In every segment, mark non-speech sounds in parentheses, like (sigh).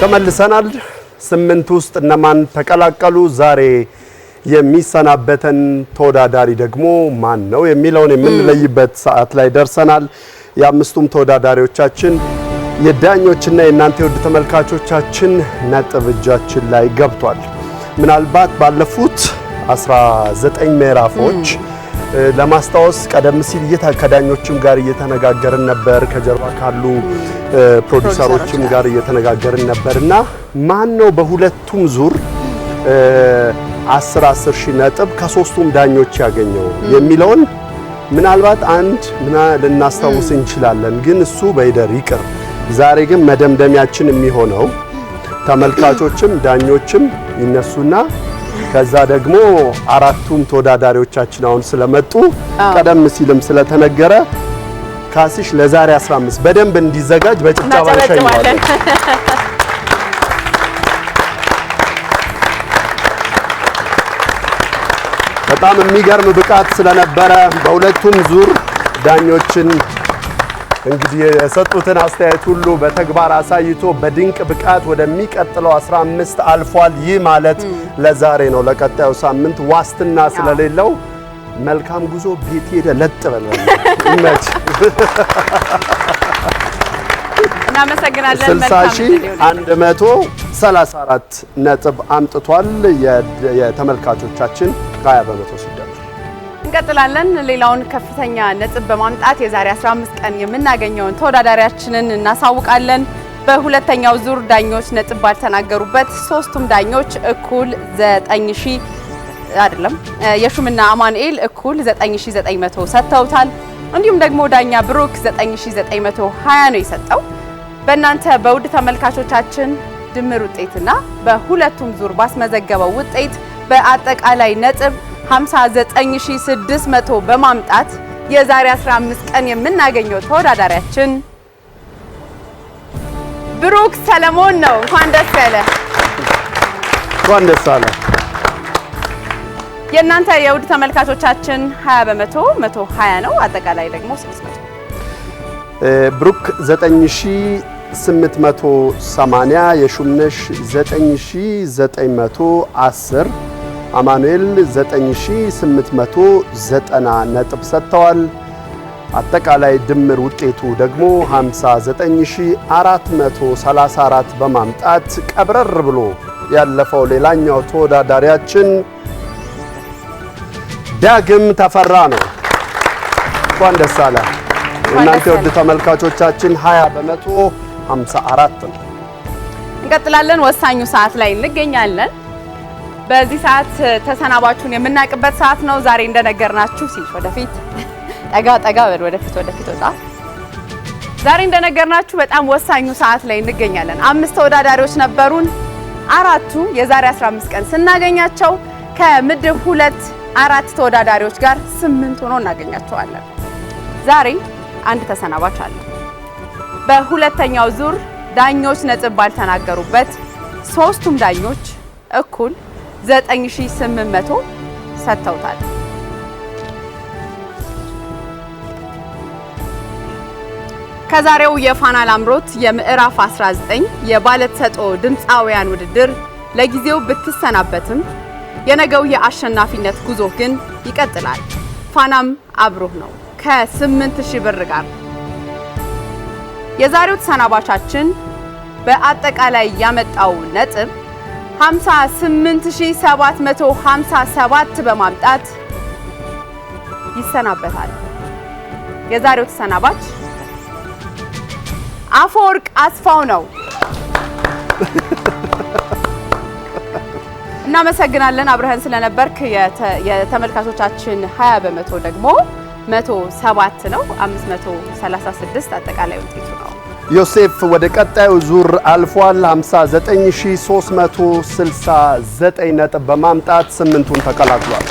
ተመልሰናል። ስምንት ውስጥ እነማን ተቀላቀሉ? ዛሬ የሚሰናበተን ተወዳዳሪ ደግሞ ማን ነው የሚለውን የምንለይበት ሰዓት ላይ ደርሰናል። የአምስቱም ተወዳዳሪዎቻችን የዳኞችና የእናንተ የውድ ተመልካቾቻችን ነጥብ እጃችን ላይ ገብቷል። ምናልባት ባለፉት 19 ምዕራፎች ለማስታወስ ቀደም ሲል ከዳኞችም ጋር እየተነጋገርን ነበር፣ ከጀርባ ካሉ ፕሮዲውሰሮችም ጋር እየተነጋገርን ነበር እና ማን ነው በሁለቱም ዙር አስር አስር ሺህ ነጥብ ከሶስቱም ዳኞች ያገኘው የሚለውን ምናልባት አንድ ምና ልናስታውስ እንችላለን፣ ግን እሱ በይደር ይቅር። ዛሬ ግን መደምደሚያችን የሚሆነው ተመልካቾችም ዳኞችም ይነሱና ከዛ ደግሞ አራቱም ተወዳዳሪዎቻችን አሁን ስለመጡ ቀደም ሲልም ስለተነገረ ካሲሽ ለዛሬ 15 በደንብ እንዲዘጋጅ በጭብጨባ እንሸኘዋለን። በጣም የሚገርም ብቃት ስለነበረ በሁለቱም ዙር ዳኞችን እንግዲህ የሰጡትን አስተያየት ሁሉ በተግባር አሳይቶ በድንቅ ብቃት ወደሚቀጥለው 15 አልፏል። ይህ ማለት ለዛሬ ነው። ለቀጣዩ ሳምንት ዋስትና ስለሌለው መልካም ጉዞ። ቤት ሄደ ለጥ በል ይመች። እናመሰግናለን። 60134 ነጥብ አምጥቷል። የተመልካቾቻችን 20 በመቶ ሲደ እንቀጥላለን። ሌላውን ከፍተኛ ነጥብ በማምጣት የዛሬ 15 ቀን የምናገኘውን ተወዳዳሪያችንን እናሳውቃለን። በሁለተኛው ዙር ዳኞች ነጥብ ባልተናገሩበት ሶስቱም ዳኞች እኩል 9000 አይደለም የሹምና አማኑኤል እኩል 9900 ሰጥተውታል። እንዲሁም ደግሞ ዳኛ ብሩክ 9920 ነው የሰጠው። በእናንተ በውድ ተመልካቾቻችን ድምር ውጤትና በሁለቱም ዙር ባስመዘገበው ውጤት በአጠቃላይ ነጥብ 59600 በማምጣት የዛሬ 15 ቀን የምናገኘው ተወዳዳሪያችን ብሩክ ሰለሞን ነው። እንኳን ደስ ያለ እንኳን ደስ አለ። የእናንተ የውድ ተመልካቾቻችን 20 በመቶ 120 ነው። አጠቃላይ ደግሞ 600 ብሩክ 9880 የሹምነሽ 9910 አማኑኤል 9890 ነጥብ ሰጥተዋል። አጠቃላይ ድምር ውጤቱ ደግሞ 59434 በማምጣት ቀብረር ብሎ ያለፈው ሌላኛው ተወዳዳሪያችን ዳግም ተፈራ ነው። እንኳን ደስ አለ እናንተ ውድ ተመልካቾቻችን 20 በመቶ 54 ነው። እንቀጥላለን። ወሳኙ ሰዓት ላይ እንገኛለን። በዚህ ሰዓት ተሰናባችሁን የምናውቅበት ሰዓት ነው። ዛሬ እንደነገርናችሁ ሲል ወደፊት ጠጋ ጠጋ በል ወደፊት ወደፊት ወጣ። ዛሬ እንደነገርናችሁ በጣም ወሳኙ ሰዓት ላይ እንገኛለን። አምስት ተወዳዳሪዎች ነበሩን። አራቱ የዛሬ 15 ቀን ስናገኛቸው ከምድብ ሁለት አራት ተወዳዳሪዎች ጋር ስምንት ሆኖ እናገኛቸዋለን። ዛሬ አንድ ተሰናባች አለ። በሁለተኛው ዙር ዳኞች ነጥብ ባልተናገሩበት ሶስቱም ዳኞች እኩል 9800 ሰጥተውታል። ከዛሬው የፋና ላምሮት የምዕራፍ 19 የባለተሰጥኦ ድምፃውያን ውድድር ለጊዜው ብትሰናበትም የነገው የአሸናፊነት ጉዞ ግን ይቀጥላል። ፋናም አብሮህ ነው ከስምንት ሺህ ብር ጋር። የዛሬው ተሰናባቻችን በአጠቃላይ ያመጣው ነጥብ 58757 በማምጣት ይሰናበታል። የዛሬው ተሰናባች አፈወርቅ አስፋው ነው። እናመሰግናለን አብረህን ስለነበርክ። የተመልካቾቻችን 20 በመቶ ደግሞ 107 ነው፣ 536 አጠቃላይ ውጤቱ ነው። ዮሴፍ ወደ ቀጣዩ ዙር አልፏል። 59369 ነጥብ በማምጣት ስምንቱን ተቀላቅሏል።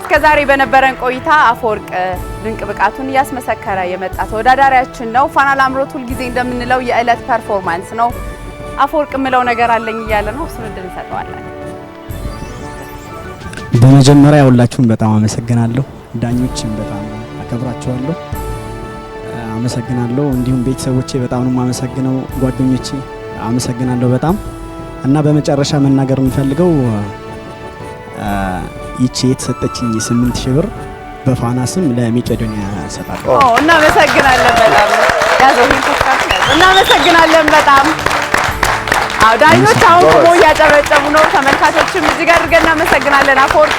እስከዛሬ በነበረን ቆይታ አፈወርቅ ድንቅ ብቃቱን እያስመሰከረ የመጣ ተወዳዳሪያችን ነው። ፋና ላምሮት ሁልጊዜ እንደምንለው የዕለት ፐርፎርማንስ ነው። አፈወርቅ የምለው ነገር አለኝ እያለ ነው። እሱን እድል እንሰጠዋለን። በመጀመሪያ ሁላችሁም በጣም አመሰግናለሁ። ዳኞችን በጣም አከብራቸዋለሁ። አመሰግናለሁ። እንዲሁም ቤተሰቦቼ በጣም ነው የማመሰግነው። ጓደኞቼ አመሰግናለሁ በጣም እና በመጨረሻ መናገር የምፈልገው ይቺ የተሰጠችኝ ስምንት ሺህ ብር በፋና ስም ለመቄዶንያ ሰጣለሁ። እናመሰግናለን በጣም እናመሰግናለን በጣም አዎ ዳኞች አሁን ቆሞ እያጨበጨቡ ነው። ተመልካቾችም እዚህ ጋር አድርገን እናመሰግናለን። አፎር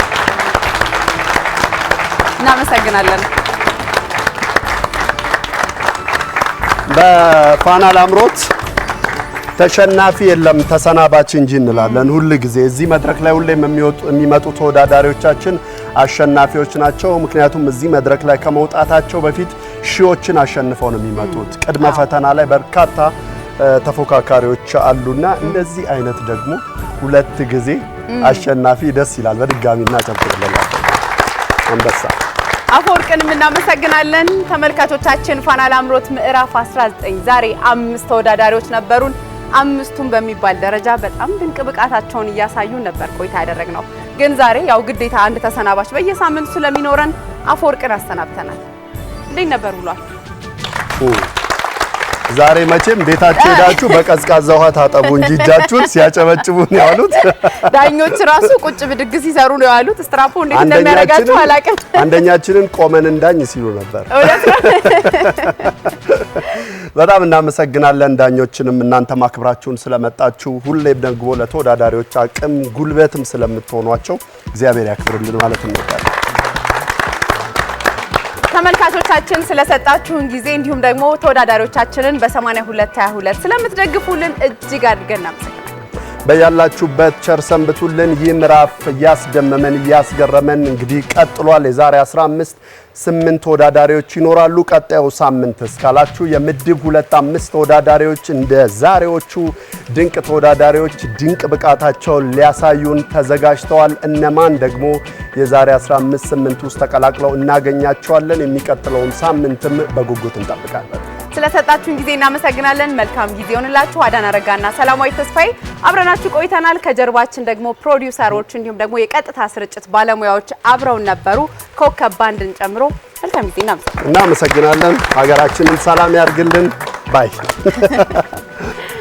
እናመሰግናለን። በፋና ላምሮት ተሸናፊ የለም ተሰናባች እንጂ እንላለን። ሁል ጊዜ እዚህ መድረክ ላይ ሁሌም የሚመጡ ተወዳዳሪዎቻችን አሸናፊዎች ናቸው። ምክንያቱም እዚህ መድረክ ላይ ከመውጣታቸው በፊት ሺዎችን አሸንፈው ነው የሚመጡት። ቅድመ ፈተና ላይ በርካታ ተፎካካሪዎች አሉና እንደዚህ አይነት ደግሞ ሁለት ጊዜ አሸናፊ ደስ ይላል። በድጋሚ እናጨብጭብላቸው አንበሳ አፈወርቅንም እናመሰግናለን። ተመልካቾቻችን ፋና ላምሮት ምዕራፍ 19 ዛሬ አምስት ተወዳዳሪዎች ነበሩን። አምስቱም በሚባል ደረጃ በጣም ድንቅ ብቃታቸውን እያሳዩ ነበር ቆይታ ያደረግነው። ግን ዛሬ ያው ግዴታ አንድ ተሰናባች በየሳምንቱ ስለሚኖረን አፈወርቅን አሰናብተናል። እንዴት ነበር ብሏል? ዛሬ መቼም ቤታችሁ ሄዳችሁ በቀዝቃዛ ውሃ ታጠቡ እንጂ እጃችሁን ሲያጨበጭቡ ነው ያሉት። ዳኞች ራሱ ቁጭ ብድግ ሲሰሩ ነው ያሉት። ስትራፖ እንዴት እንደሚያደርጋችሁ አላውቅም። አንደኛችንን ቆመን እንዳኝ ሲሉ ነበር። በጣም እናመሰግናለን ዳኞችንም፣ እናንተ ማክብራችሁን ስለመጣችሁ ሁሌም ደግሞ ለተወዳዳሪዎች አቅም ጉልበትም ስለምትሆኗቸው እግዚአብሔር ያክብርልን ማለት እንወዳለን። ተመልካቾቻችን ስለሰጣችሁን ጊዜ እንዲሁም ደግሞ ተወዳዳሪዎቻችንን በ8222 ስለምትደግፉልን እጅግ አድርገን እናመሰግናለን። በያላችሁበት ቸር ሰንብቱልን። ይህ ምዕራፍ እያስደመመን እያስገረመን እንግዲህ ቀጥሏል። የዛሬ 15 ስምንት ተወዳዳሪዎች ይኖራሉ። ቀጣዩ ሳምንት እስካላችሁ የምድብ ሁለት አምስት ተወዳዳሪዎች እንደ ዛሬዎቹ ድንቅ ተወዳዳሪዎች ድንቅ ብቃታቸውን ሊያሳዩን ተዘጋጅተዋል። እነማን ደግሞ የዛሬ 15 ስምንት ውስጥ ተቀላቅለው እናገኛቸዋለን? የሚቀጥለውን ሳምንትም በጉጉት እንጠብቃለን። ስለሰጣችሁን ጊዜ እናመሰግናለን። መልካም ጊዜ ሆንላችሁ። አዳን አረጋና ሰላማዊ ተስፋዬ አብረናችሁ ቆይተናል። ከጀርባችን ደግሞ ፕሮዲውሰሮች እንዲሁም ደግሞ የቀጥታ ስርጭት ባለሙያዎች አብረውን ነበሩ ኮከብ ባንድን ጨምሮ። መልካም ጊዜ እናመሰግናለን። ሀገራችንን ሰላም ያድርግልን ባይ (laughs)